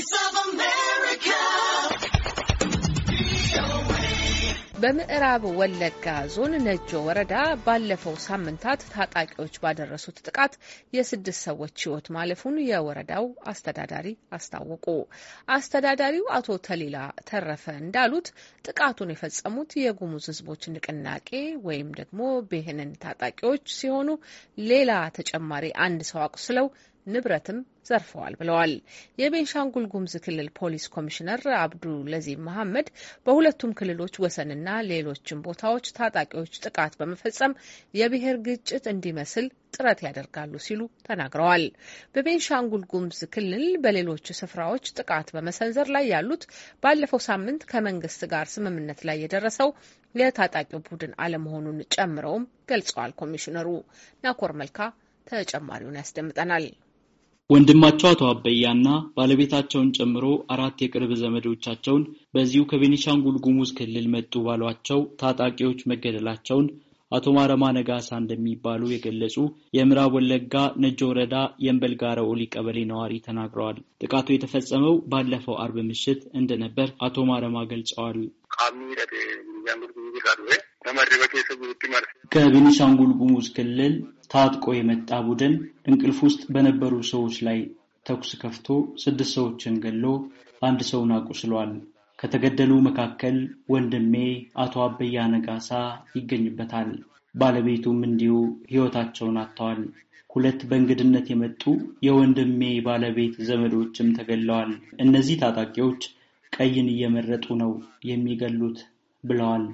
Voice of America. በምዕራብ ወለጋ ዞን ነጆ ወረዳ ባለፈው ሳምንታት ታጣቂዎች ባደረሱት ጥቃት የስድስት ሰዎች ሕይወት ማለፉን የወረዳው አስተዳዳሪ አስታወቁ። አስተዳዳሪው አቶ ተሌላ ተረፈ እንዳሉት ጥቃቱን የፈጸሙት የጉሙዝ ሕዝቦች ንቅናቄ ወይም ደግሞ ብሄንን ታጣቂዎች ሲሆኑ ሌላ ተጨማሪ አንድ ሰው አቁስለው ንብረትም ዘርፈዋል ብለዋል። የቤንሻንጉል ጉሙዝ ክልል ፖሊስ ኮሚሽነር አብዱ ለዚም መሐመድ በሁለቱም ክልሎች ወሰንና ሌሎችም ቦታዎች ታጣቂዎች ጥቃት በመፈጸም የብሔር ግጭት እንዲመስል ጥረት ያደርጋሉ ሲሉ ተናግረዋል። በቤንሻንጉል ጉሙዝ ክልል በሌሎች ስፍራዎች ጥቃት በመሰንዘር ላይ ያሉት ባለፈው ሳምንት ከመንግስት ጋር ስምምነት ላይ የደረሰው የታጣቂው ቡድን አለመሆኑን ጨምረውም ገልጸዋል። ኮሚሽነሩ ናኮር መልካ ተጨማሪውን ያስደምጠናል። ወንድማቸው አቶ አበያና ባለቤታቸውን ጨምሮ አራት የቅርብ ዘመዶቻቸውን በዚሁ ከቤኒሻንጉል ጉሙዝ ክልል መጡ ባሏቸው ታጣቂዎች መገደላቸውን አቶ ማረማ ነጋሳ እንደሚባሉ የገለጹ የምዕራብ ወለጋ ነጆ ወረዳ የእንበልጋረ ኦሊ ቀበሌ ነዋሪ ተናግረዋል። ጥቃቱ የተፈጸመው ባለፈው አርብ ምሽት እንደነበር አቶ ማረማ ገልጸዋል። ከቤኒሻንጉል ጉሙዝ ክልል ታጥቆ የመጣ ቡድን እንቅልፍ ውስጥ በነበሩ ሰዎች ላይ ተኩስ ከፍቶ ስድስት ሰዎችን ገሎ አንድ ሰውን አቁስሏል። ከተገደሉ መካከል ወንድሜ አቶ አበያ ነጋሳ ይገኝበታል። ባለቤቱም እንዲሁ ሕይወታቸውን አጥተዋል። ሁለት በእንግድነት የመጡ የወንድሜ ባለቤት ዘመዶችም ተገለዋል። እነዚህ ታጣቂዎች ቀይን እየመረጡ ነው የሚገሉት ብለዋል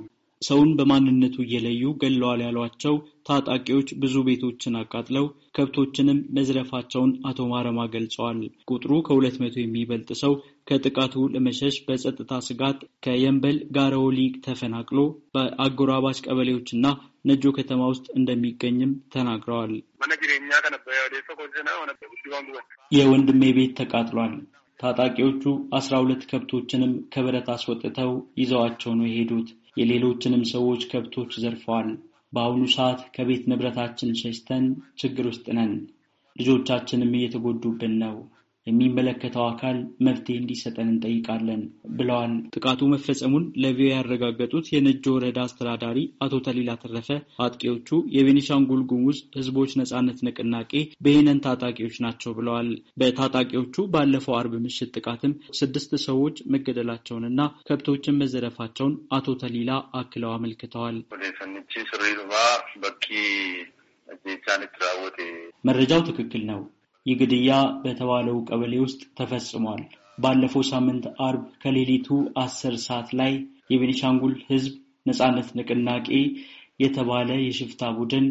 ሰውን በማንነቱ እየለዩ ገለዋል ያሏቸው ታጣቂዎች ብዙ ቤቶችን አቃጥለው ከብቶችንም መዝረፋቸውን አቶ ማረማ ገልጸዋል። ቁጥሩ ከሁለት መቶ የሚበልጥ ሰው ከጥቃቱ ለመሸሽ በጸጥታ ስጋት ከየንበል ጋረወሊ ተፈናቅሎ በአጎራባች ቀበሌዎችና ነጆ ከተማ ውስጥ እንደሚገኝም ተናግረዋል። የወንድሜ ቤት ተቃጥሏል። ታጣቂዎቹ አስራ ሁለት ከብቶችንም ከብረት አስወጥተው ይዘዋቸው ነው የሄዱት። የሌሎችንም ሰዎች ከብቶች ዘርፈዋል። በአሁኑ ሰዓት ከቤት ንብረታችን ሸሽተን ችግር ውስጥ ነን። ልጆቻችንም እየተጎዱብን ነው። የሚመለከተው አካል መፍትሄ እንዲሰጠን እንጠይቃለን ብለዋል። ጥቃቱ መፈጸሙን ለቪኦኤ ያረጋገጡት የነጆ ወረዳ አስተዳዳሪ አቶ ተሊላ ተረፈ አጥቂዎቹ የቤኒሻንጉል ጉሙዝ ህዝቦች ነጻነት ንቅናቄ በሄነን ታጣቂዎች ናቸው ብለዋል። በታጣቂዎቹ ባለፈው አርብ ምሽት ጥቃትም ስድስት ሰዎች መገደላቸውንና ከብቶችን መዘረፋቸውን አቶ ተሊላ አክለው አመልክተዋል። መረጃው ትክክል ነው። ይህ ግድያ በተባለው ቀበሌ ውስጥ ተፈጽሟል። ባለፈው ሳምንት አርብ ከሌሊቱ አስር ሰዓት ላይ የቤኒሻንጉል ሕዝብ ነጻነት ንቅናቄ የተባለ የሽፍታ ቡድን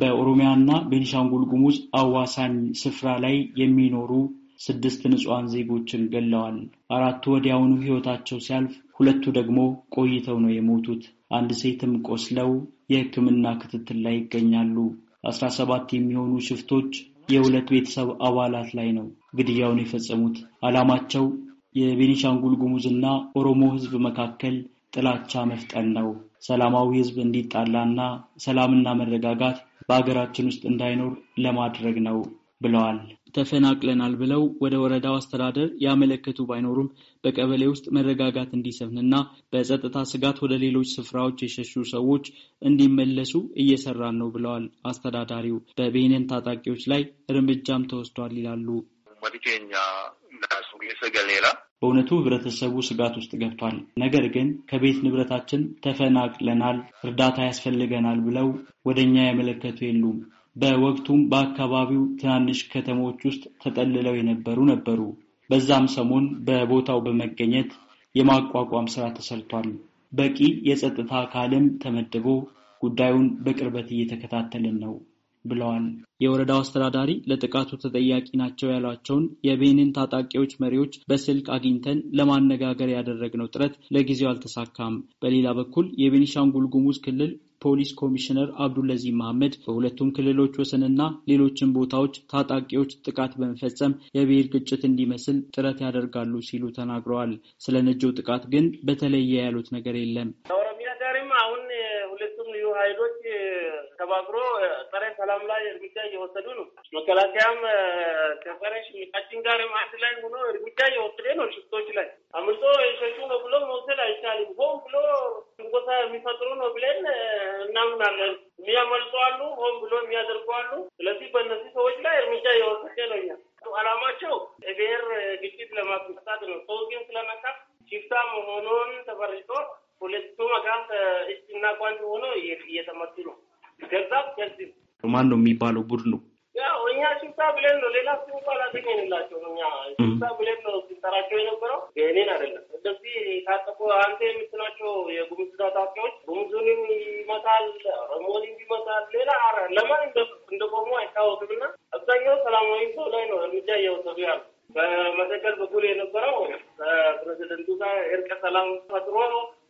በኦሮሚያና ቤኒሻንጉል ጉሙዝ አዋሳኝ ስፍራ ላይ የሚኖሩ ስድስት ንጹሐን ዜጎችን ገለዋል። አራቱ ወዲያውኑ ሕይወታቸው ሲያልፍ፣ ሁለቱ ደግሞ ቆይተው ነው የሞቱት። አንድ ሴትም ቆስለው የህክምና ክትትል ላይ ይገኛሉ። አስራ ሰባት የሚሆኑ ሽፍቶች የሁለት ቤተሰብ አባላት ላይ ነው ግድያውን የፈጸሙት። ዓላማቸው የቤኒሻንጉል ጉሙዝ እና ኦሮሞ ህዝብ መካከል ጥላቻ መፍጠን ነው። ሰላማዊ እንዲጣላ እንዲጣላና ሰላምና መረጋጋት በሀገራችን ውስጥ እንዳይኖር ለማድረግ ነው ብለዋል። ተፈናቅለናል ብለው ወደ ወረዳው አስተዳደር ያመለከቱ ባይኖሩም በቀበሌ ውስጥ መረጋጋት እንዲሰፍንና በጸጥታ ስጋት ወደ ሌሎች ስፍራዎች የሸሹ ሰዎች እንዲመለሱ እየሰራን ነው ብለዋል። አስተዳዳሪው በቤነን ታጣቂዎች ላይ እርምጃም ተወስዷል ይላሉ። በእውነቱ ህብረተሰቡ ስጋት ውስጥ ገብቷል። ነገር ግን ከቤት ንብረታችን ተፈናቅለናል፣ እርዳታ ያስፈልገናል ብለው ወደ እኛ ያመለከቱ የሉም። በወቅቱም በአካባቢው ትናንሽ ከተሞች ውስጥ ተጠልለው የነበሩ ነበሩ። በዛም ሰሞን በቦታው በመገኘት የማቋቋም ስራ ተሰርቷል። በቂ የጸጥታ አካልም ተመድቦ ጉዳዩን በቅርበት እየተከታተልን ነው። ብለዋል። የወረዳው አስተዳዳሪ ለጥቃቱ ተጠያቂ ናቸው ያሏቸውን የቤኒን ታጣቂዎች መሪዎች በስልክ አግኝተን ለማነጋገር ያደረግነው ጥረት ለጊዜው አልተሳካም። በሌላ በኩል የቤኒሻንጉል ጉሙዝ ክልል ፖሊስ ኮሚሽነር አብዱለዚህ መሐመድ በሁለቱም ክልሎች ወሰንና ሌሎችን ቦታዎች ታጣቂዎች ጥቃት በመፈጸም የብሔር ግጭት እንዲመስል ጥረት ያደርጋሉ ሲሉ ተናግረዋል። ስለ ነጆው ጥቃት ግን በተለየ ያሉት ነገር የለም። ተባብሮ ጸረ ሰላም ላይ እርምጃ እየወሰዱ ነው። መከላከያም ከጸረ ሽሚቃችን ጋር ማዕድ ላይ ሆኖ እርምጃ እየወሰደ ነው። ሽፍቶች ላይ አምልጦ የሸሹ ነው ብሎ መውሰድ አይቻልም። ሆን ብሎ ትንኮሳ የሚፈጥሩ ነው ብለን እናምናለን። የሚያመልጡ አሉ፣ ሆን ብሎ የሚያደርጉ አሉ። ገዛም ከዚህ ማን ነው የሚባለው ነው ያው እኛ ሽፍታ ብለን ነው ሌላ ስ እንኳ አላገኘንላቸው። እኛ ሽፍታ ብለን ነው ሲጠራቸው የነበረው የኔን አይደለም። እንደዚህ ታጠቁ አንተ የምትላቸው የጉሙዝ ታጣቂዎች ጉሙዙንም ይመታል፣ ኦሮሞንም ይመታል። ሌላ ለማን እንደቆሙ አይታወቅም። እና አብዛኛው ሰላማዊ ሰው ላይ ነው እርምጃ እየወሰዱ ያሉ በመተከል በኩል የነበረው ከፕሬዚደንቱ ጋር እርቀ ሰላም ፈጥሮ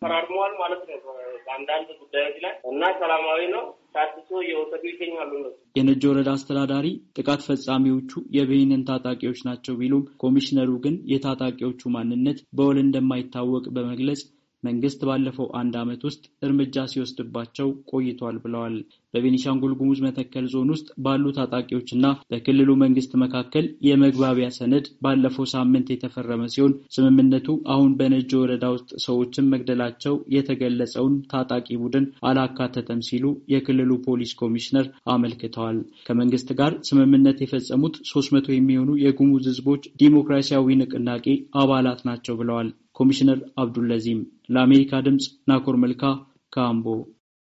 ፈራርመዋል ማለት ነው በአንዳንድ ጉዳዮች ላይ እና ሰላማዊ ነው ታድሶ የወሰዱ ይገኛሉ። የነጆ ወረዳ አስተዳዳሪ ጥቃት ፈጻሚዎቹ የብሄንን ታጣቂዎች ናቸው ቢሉም ኮሚሽነሩ ግን የታጣቂዎቹ ማንነት በውል እንደማይታወቅ በመግለጽ መንግስት ባለፈው አንድ ዓመት ውስጥ እርምጃ ሲወስድባቸው ቆይቷል ብለዋል። በቤኒሻንጉል ጉሙዝ መተከል ዞን ውስጥ ባሉ ታጣቂዎችና በክልሉ መንግስት መካከል የመግባቢያ ሰነድ ባለፈው ሳምንት የተፈረመ ሲሆን ስምምነቱ አሁን በነጆ ወረዳ ውስጥ ሰዎችን መግደላቸው የተገለጸውን ታጣቂ ቡድን አላካተተም ሲሉ የክልሉ ፖሊስ ኮሚሽነር አመልክተዋል። ከመንግስት ጋር ስምምነት የፈጸሙት ሶስት መቶ የሚሆኑ የጉሙዝ ህዝቦች ዲሞክራሲያዊ ንቅናቄ አባላት ናቸው ብለዋል። ኮሚሽነር አብዱላዚም ለአሜሪካ ድምፅ ናኮር መልካ ካምቦ